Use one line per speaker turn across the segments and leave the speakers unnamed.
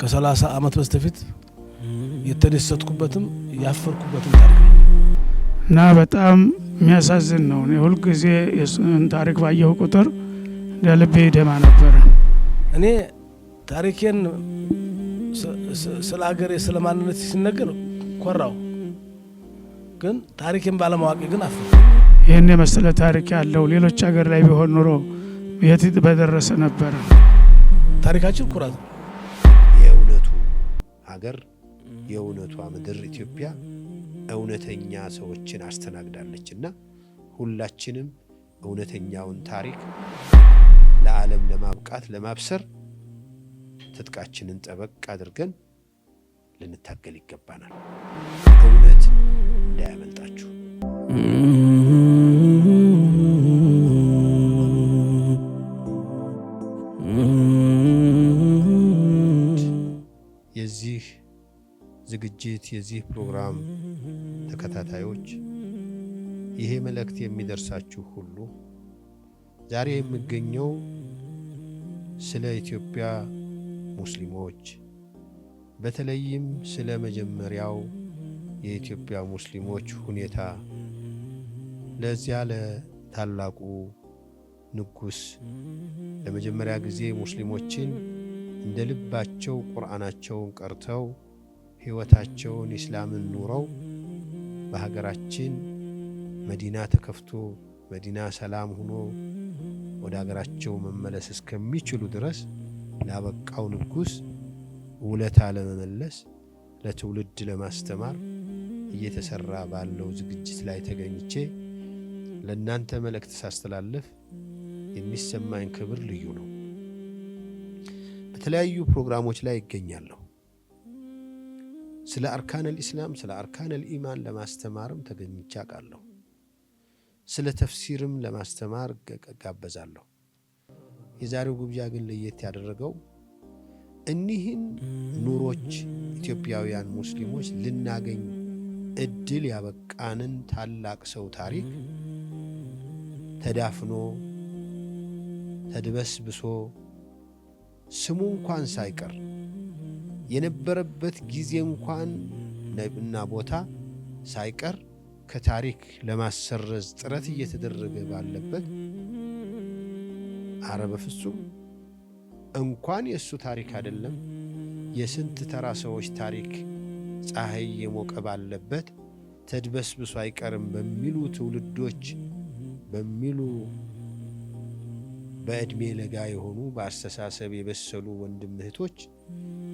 ከሰላሳ ዓመት በስተፊት የተደሰትኩበትም ያፈርኩበትም ታሪክ ነው
እና በጣም የሚያሳዝን ነው። ሁልጊዜ የሱን ታሪክ ባየሁ ቁጥር እንደ ልቤ ነበረ።
እኔ ታሪኬን ስለ ሀገሬ ስለ ማንነት ሲነገር ኮራው፣ ግን ታሪኬን ባለማወቅ ግን አፍ
ይህን የመሰለ ታሪክ ያለው ሌሎች ሀገር ላይ ቢሆን ኑሮ የት በደረሰ ነበረ።
ታሪካችን ኩራት ነው። አገር የእውነቷ ምድር ኢትዮጵያ እውነተኛ ሰዎችን አስተናግዳለች እና ሁላችንም እውነተኛውን ታሪክ ለዓለም ለማብቃት ለማብሰር ትጥቃችንን ጠበቅ አድርገን ልንታገል ይገባናል። እውነት እንዳያመልጣችሁ። ዝግጅት የዚህ ፕሮግራም ተከታታዮች ይሄ መልእክት የሚደርሳችሁ ሁሉ ዛሬ የሚገኘው ስለ ኢትዮጵያ ሙስሊሞች በተለይም ስለ መጀመሪያው የኢትዮጵያ ሙስሊሞች ሁኔታ ለዚያ ለታላቁ ንጉሥ ለመጀመሪያ ጊዜ ሙስሊሞችን እንደ ልባቸው ቁርአናቸውን ቀርተው ህይወታቸውን ኢስላምን ኑረው በሀገራችን መዲና ተከፍቶ መዲና ሰላም ሁኖ ወደ ሀገራቸው መመለስ እስከሚችሉ ድረስ ላበቃው ንጉስ ውለታ ለመመለስ ለትውልድ ለማስተማር እየተሰራ ባለው ዝግጅት ላይ ተገኝቼ ለእናንተ መልእክት ሳስተላለፍ የሚሰማኝ ክብር ልዩ ነው። በተለያዩ ፕሮግራሞች ላይ ይገኛለሁ። ስለ አርካነል ኢስላም ስለ አርካነል ኢማን ለማስተማርም ተገኝቻ ቃለሁ ስለ ተፍሲርም ለማስተማር ጋበዛለሁ። የዛሬው ግብዣ ግን ለየት ያደረገው እኒህን ኑሮች ኢትዮጵያውያን ሙስሊሞች ልናገኝ እድል ያበቃንን ታላቅ ሰው ታሪክ ተዳፍኖ ተድበስብሶ ስሙ እንኳን ሳይቀር የነበረበት ጊዜ እንኳን ነብና ቦታ ሳይቀር ከታሪክ ለማሰረዝ ጥረት እየተደረገ ባለበት አረ በፍጹም እንኳን የእሱ ታሪክ አይደለም የስንት ተራ ሰዎች ታሪክ ፀሐይ የሞቀ ባለበት ተድበስብሶ አይቀርም በሚሉ ትውልዶች በሚሉ በዕድሜ ለጋ የሆኑ በአስተሳሰብ የበሰሉ ወንድም እህቶች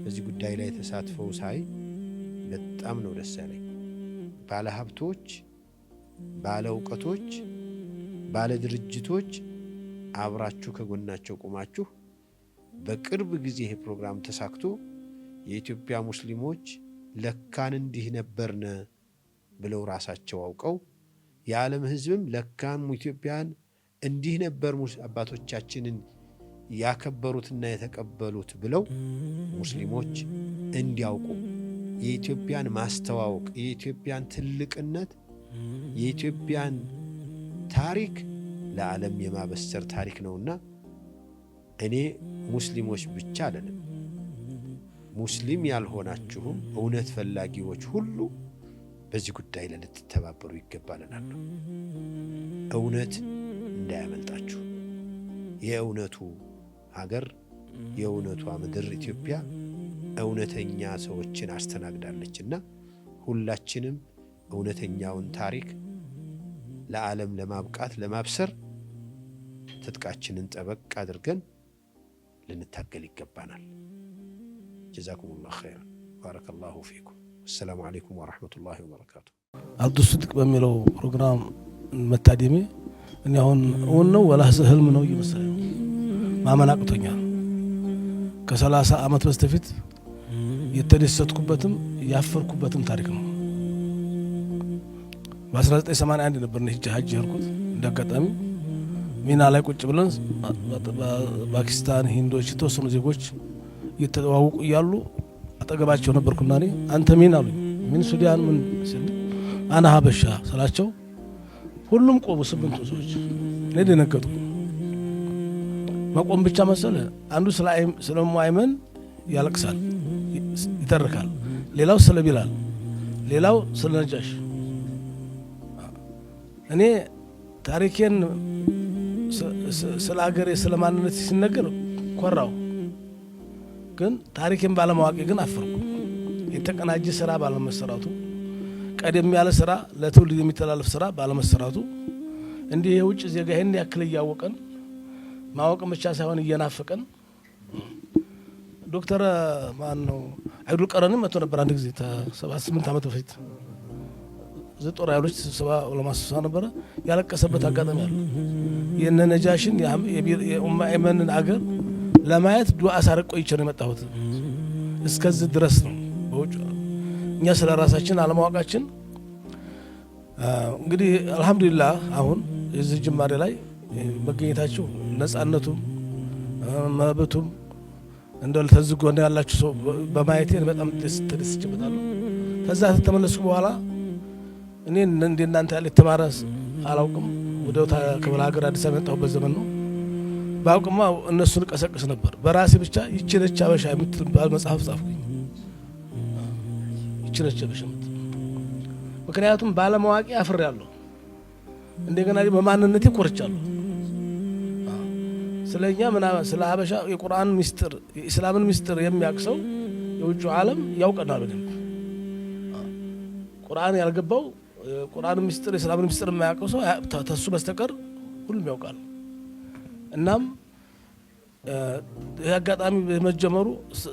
በዚህ ጉዳይ ላይ ተሳትፈው ሳይ በጣም ነው ደስ ያለኝ። ባለ ሀብቶች፣ ባለ እውቀቶች፣ ባለ ድርጅቶች አብራችሁ ከጎናቸው ቆማችሁ በቅርብ ጊዜ ይሄ ፕሮግራም ተሳክቶ የኢትዮጵያ ሙስሊሞች ለካን እንዲህ ነበርን ብለው ራሳቸው አውቀው የዓለም ሕዝብም ለካን ኢትዮጵያን እንዲህ ነበር አባቶቻችንን ያከበሩትና የተቀበሉት ብለው ሙስሊሞች እንዲያውቁ የኢትዮጵያን ማስተዋወቅ የኢትዮጵያን ትልቅነት የኢትዮጵያን ታሪክ ለዓለም የማበሰር ታሪክ ነውና እኔ ሙስሊሞች ብቻ አለንም ሙስሊም ያልሆናችሁም እውነት ፈላጊዎች ሁሉ በዚህ ጉዳይ ልትተባበሩ ይገባልናል። እውነት እንዳያመልጣችሁ የእውነቱ ሀገር የእውነቷ ምድር ኢትዮጵያ እውነተኛ ሰዎችን አስተናግዳለች እና ሁላችንም እውነተኛውን ታሪክ ለዓለም ለማብቃት ለማብሰር ትጥቃችንን ጠበቅ አድርገን ልንታገል ይገባናል። ጀዛኩሙላሁ ኸይራን ባረከላሁ ፊኩም። አሰላሙ አለይኩም ወረሕመቱላሂ ወበረካቱ።
አብዱ ስድቅ በሚለው ፕሮግራም መታደሜ እኔ አሁን እውን ነው ወላህ ህልም ነው እየመሰለኝ ማመን አቅቶኛል። ከሰላሳ ዓመት በስተፊት የተደሰትኩበትም ያፈርኩበትም ታሪክ ነው። በ1981 ነበር ሂጅ ሀጅ ያልኩት እንደ አጋጣሚ ሚና ላይ ቁጭ ብለን ፓኪስታን፣ ሂንዶች፣ የተወሰኑ ዜጎች እየተዋውቁ እያሉ አጠገባቸው ነበርኩና እኔ አንተ ሚን አሉኝ። ሚን ሱዳን ምን ስል አና ሀበሻ ስላቸው ሁሉም ቆቡ ስምንቱ ሰዎች እኔ ደነገጥኩ። መቆም ብቻ መሰለ። አንዱ ስለማይመን ያለቅሳል፣ ይተርካል። ሌላው ስለ ቢላል፣ ሌላው ስለ ነጃሽ። እኔ ታሪኬን ስለ ሀገር ስለ ማንነት ሲነገር ኮራው፣ ግን ታሪኬን ባለማዋቂ ግን አፈርኩ። የተቀናጀ ስራ ባለመሰራቱ፣ ቀደም ያለ ስራ ለትውልድ የሚተላለፍ ስራ ባለመሰራቱ እንዲህ የውጭ ዜጋ ይህን ያክል እያወቀን ማወቅ ብቻ ሳይሆን እየናፈቀን ዶክተር ማን ነው አይዱል ቀረንም መቶ ነበር አንድ ጊዜ ስምንት ዓመት በፊት ዘጦር ጦር ኃይሎች ስብሰባ ለማስሳ ነበረ ያለቀሰበት አጋጣሚ አለ። የነ ነጃሽን የኡማኤመንን አገር ለማየት ዱዓ ሳረቅ ቆይቼ ነው የመጣሁት። እስከዚህ ድረስ ነው በውጭ እኛ ስለ ራሳችን አለማወቃችን። እንግዲህ አልሐምዱሊላህ አሁን የዚህ ጅማሬ ላይ መገኘታቸው ነጻነቱም መብቱም እንደ ተዝጎ እንደ ያላችሁ ሰው በማየቴን በጣም ተደስችበታለሁ። ከዛ ተመለስኩ በኋላ እኔ እንደ እናንተ ያለ የተማረ አላውቅም። ወደ ክፍለ ሀገር አዲስ አበባ የመጣሁበት ዘመን ነው። በአውቅማ እነሱን ቀሰቅስ ነበር። በራሴ ብቻ ይችነች አበሻ የምትባል መጽሐፍ ጻፍኩኝ። ይችነች አበሻ ምክንያቱም ባለማዋቂ አፍሬያለሁ። እንደገና በማንነቴ ኮርቻለሁ። ስለ እኛ ስለ ሀበሻ የቁርአን ሚስጥር የኢስላምን ሚስጥር የሚያውቅ ሰው የውጭ ዓለም ያውቀና በደንብ። ቁርአን ያልገባው ቁርአን ሚስጥር የኢስላምን ሚስጥር የማያውቀው ሰው ተሱ በስተቀር ሁሉም ያውቃል። እናም ይህ አጋጣሚ በመጀመሩ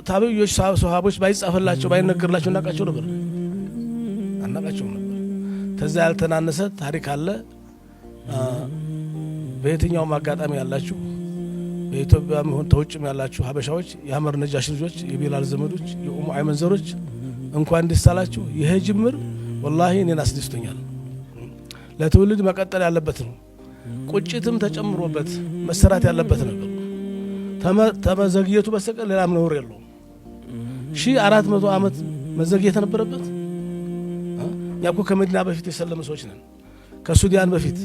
ታቢዮች ሰሃቦች ባይጻፈላቸው ባይነገርላቸው እናቃቸው ነበር አናቃቸው ነበር። ተዛ ያልተናነሰ ታሪክ አለ። በየትኛውም አጋጣሚ ያላችሁ በኢትዮጵያ መሆን ተውጭም ያላችሁ ሀበሻዎች የአመር ነጃሽ ልጆች፣ የቢላል ዘመዶች፣ የኡሙ አይመን ዘሮች እንኳን ደስ አላችሁ። ይሄ ጅምር ወላሂ እኔን አስደስቶኛል። ለትውልድ መቀጠል ያለበት ነው። ቁጭትም ተጨምሮበት መሰራት ያለበት ነገር ተመዘግየቱ በስተቀር ሌላም ነውር የለውም። ሺህ አራት መቶ ዓመት መዘግየት ነበረበት። እኛ እኮ ከመዲና በፊት የሰለመ ሰዎች ነን። ከሱዳን በፊት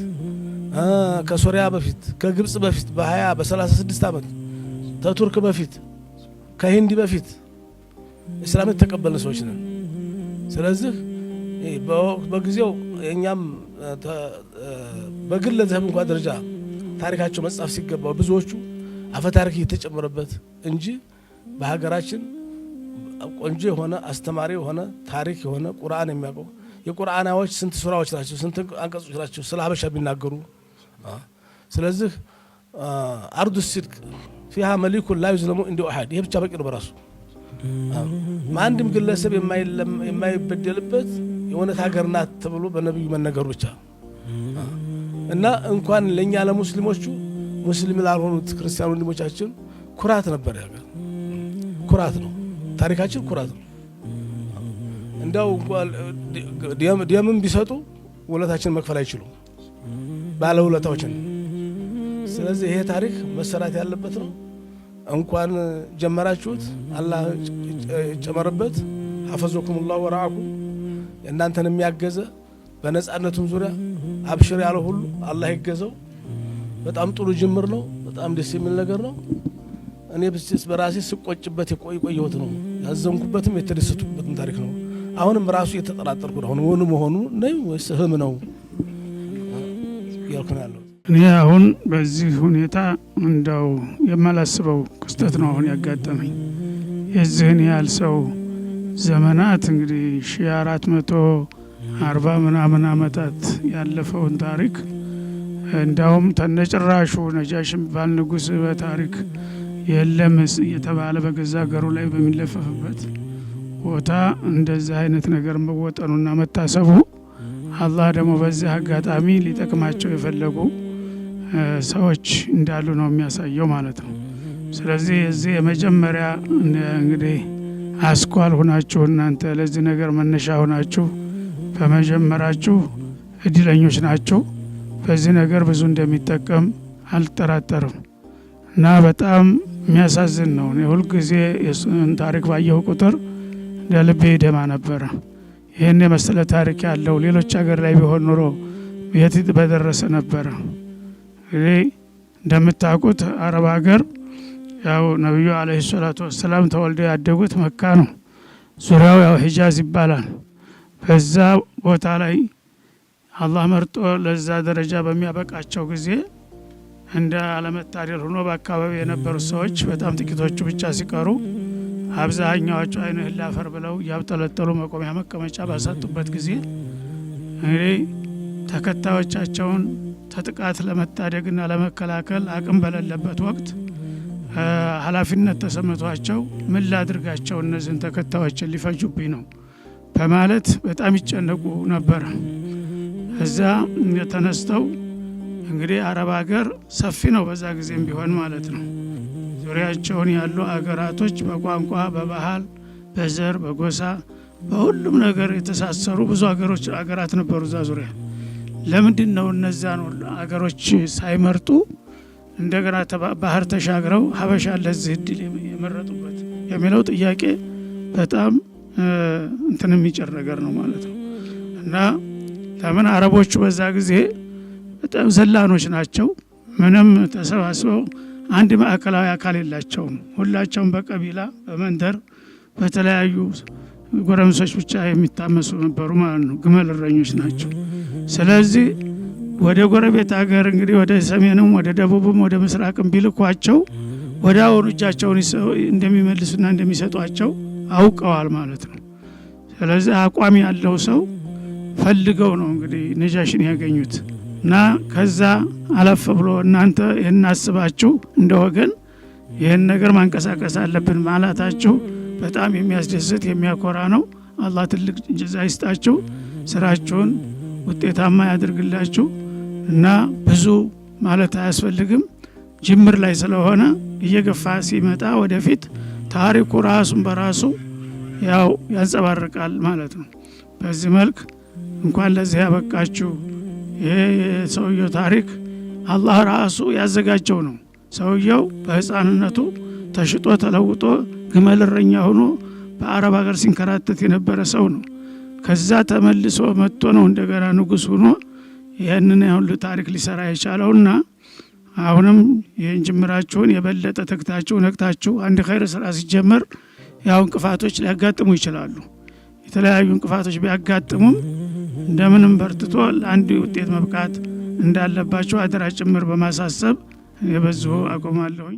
ከሶሪያ በፊት ከግብፅ በፊት በ20 በ36 ዓመት ከቱርክ በፊት ከሂንዲ በፊት እስላም የተቀበልን ሰዎች ነን። ስለዚህ በጊዜው የእኛም በግል ለዚህም እንኳ ደረጃ ታሪካቸው መጽሐፍ ሲገባው ብዙዎቹ አፈ ታሪክ እየተጨመረበት እንጂ በሀገራችን ቆንጆ የሆነ አስተማሪ የሆነ ታሪክ የሆነ ቁርአን የሚያውቀው የቁርአናዎች ስንት ሱራዎች ናቸው፣ ስንት አንቀጾች ናቸው ስለ ሀበሻ ቢናገሩ ስለዚህ አርዱ ሲድቅ ፊሃ መሊኩን ላ ዩዝለሙ እንዲ አሓድ ይሄ ብቻ በቂ ነው በራሱ አንድም ግለሰብ የማይበደልበት የእውነት ሀገር ናት ተብሎ በነቢዩ መነገሩ ብቻ እና እንኳን ለእኛ ለሙስሊሞቹ ሙስሊም ላልሆኑት ክርስቲያን ወንድሞቻችን ኩራት ነበር። ያገር ኩራት ነው ታሪካችን፣ ኩራት ነው። እንዲያው ደምም ቢሰጡ ውለታችን መክፈል አይችሉም። ባለውለታዎችን። ስለዚህ ይሄ ታሪክ መሰራት ያለበት ነው። እንኳን ጀመራችሁት፣ አላህ ይጨመርበት። ሐፈዞኩም ላሁ ወረአኩም። እናንተን የሚያገዘ በነፃነቱም ዙሪያ አብሽር ያለ ሁሉ አላህ ይገዘው። በጣም ጥሩ ጅምር ነው። በጣም ደስ የሚል ነገር ነው። እኔ በራሴ ስቆጭበት የቆይ ነው ያዘንኩበትም የተደሰቱበትም ታሪክ ነው። አሁንም ራሱ እየተጠራጠርኩ አሁን ወኑ መሆኑ ነው ወይስ ህም ነው? እያልኩ ነው ያለሁት። እኔ አሁን በዚህ ሁኔታ እንዳው የማላስበው ክስተት ነው አሁን ያጋጠመኝ። የዚህን ያህል ሰው ዘመናት እንግዲህ ሺ አራት መቶ አርባ ምናምን ዓመታት ያለፈውን ታሪክ እንዳውም ተነጭራሹ ነጃሽ የሚባል ንጉሥ በታሪክ የለም እየተባለ በገዛ ሀገሩ ላይ በሚለፈፍበት ቦታ እንደዚህ አይነት ነገር መወጠኑና መታሰቡ አላህ ደግሞ በዚህ አጋጣሚ ሊጠቅማቸው የፈለጉ ሰዎች እንዳሉ ነው የሚያሳየው ማለት ነው። ስለዚህ እዚህ የመጀመሪያ እንግዲህ አስኳል ሁናችሁ እናንተ ለዚህ ነገር መነሻ ሁናችሁ በመጀመራችሁ እድለኞች ናችሁ። በዚህ ነገር ብዙ እንደሚጠቀም አልጠራጠርም እና በጣም የሚያሳዝን ነው። ሁልጊዜ የእሱን ታሪክ ባየሁ ቁጥር ለልቤ ደማ ነበረ። ይህን የመሰለ ታሪክ ያለው ሌሎች ሀገር ላይ ቢሆን ኑሮ የት በደረሰ ነበረ። እንግዲህ እንደምታውቁት አረብ ሀገር ያው ነቢዩ አለይሂ ሰላቱ ወሰላም ተወልደው ያደጉት መካ ነው። ዙሪያው ያው ሂጃዝ ይባላል። በዛ ቦታ ላይ አላህ መርጦ ለዛ ደረጃ በሚያበቃቸው ጊዜ እንደ አለመታደል ሆኖ በአካባቢ የነበሩት ሰዎች በጣም ጥቂቶቹ ብቻ ሲቀሩ አብዛኛዎቹ አይንህ ላፈር ብለው እያብጠለጠሉ መቆሚያ መቀመጫ ባሳጡበት ጊዜ እንግዲህ ተከታዮቻቸውን ተጥቃት ለመታደግና ለመከላከል አቅም በሌለበት ወቅት ኃላፊነት ተሰምቷቸው ምን ላድርጋቸው እነዚህን ተከታዮችን ሊፈጁብኝ ነው በማለት በጣም ይጨነቁ ነበር። እዛ የተነስተው እንግዲህ አረብ ሀገር ሰፊ ነው በዛ ጊዜም ቢሆን ማለት ነው። ዙሪያቸውን ያሉ አገራቶች በቋንቋ፣ በባህል፣ በዘር፣ በጎሳ፣ በሁሉም ነገር የተሳሰሩ ብዙ አገሮች አገራት ነበሩ እዛ ዙሪያ። ለምንድን ነው እነዚያን አገሮች ሳይመርጡ እንደገና ባህር ተሻግረው ሀበሻ ለዚህ እድል የመረጡበት የሚለው ጥያቄ በጣም እንትን የሚጭር ነገር ነው ማለት ነው። እና ለምን አረቦቹ በዛ ጊዜ በጣም ዘላኖች ናቸው። ምንም ተሰባስበው አንድ ማዕከላዊ አካል የላቸውም። ሁላቸውም በቀቢላ በመንደር በተለያዩ ጎረምሶች ብቻ የሚታመሱ ነበሩ ማለት ነው። ግመል እረኞች ናቸው። ስለዚህ ወደ ጎረቤት ሀገር እንግዲህ ወደ ሰሜንም ወደ ደቡብም ወደ ምስራቅም ቢልኳቸው ወደ አሁኑ እጃቸውን እንደሚመልሱና እንደሚሰጧቸው አውቀዋል ማለት ነው። ስለዚህ አቋም ያለው ሰው ፈልገው ነው እንግዲህ ነጃሽን ያገኙት። እና ከዛ አለፍ ብሎ እናንተ ይህን አስባችሁ እንደ ወገን ይህን ነገር ማንቀሳቀስ አለብን ማላታችሁ በጣም የሚያስደስት የሚያኮራ ነው። አላህ ትልቅ ጀዛ ይስጣችሁ፣ ስራችሁን ውጤታማ ያድርግላችሁ እና ብዙ ማለት አያስፈልግም። ጅምር ላይ ስለሆነ እየገፋ ሲመጣ ወደፊት ታሪኩ ራሱን በራሱ ያው ያንጸባርቃል ማለት ነው። በዚህ መልክ እንኳን ለዚህ ያበቃችሁ ይሄ የሰውየው ታሪክ አላህ ራሱ ያዘጋጀው ነው። ሰውየው በህፃንነቱ ተሽጦ ተለውጦ ግመል እረኛ ሆኖ በአረብ ሀገር ሲንከራተት የነበረ ሰው ነው። ከዛ ተመልሶ መጥቶ ነው እንደገና ንጉስ ሆኖ ይህንን ያሁሉ ታሪክ ሊሰራ የቻለውና አሁንም ይህን ጅምራችሁን የበለጠ ተግታችሁ ነቅታችሁ አንድ ኸይር ስራ ሲጀመር ያው እንቅፋቶች ሊያጋጥሙ ይችላሉ። የተለያዩ እንቅፋቶች ቢያጋጥሙም እንደምንም በርትቶ ለአንድ ውጤት መብቃት እንዳለባቸው አደራ ጭምር በማሳሰብ የበዙ አቆማለሁኝ።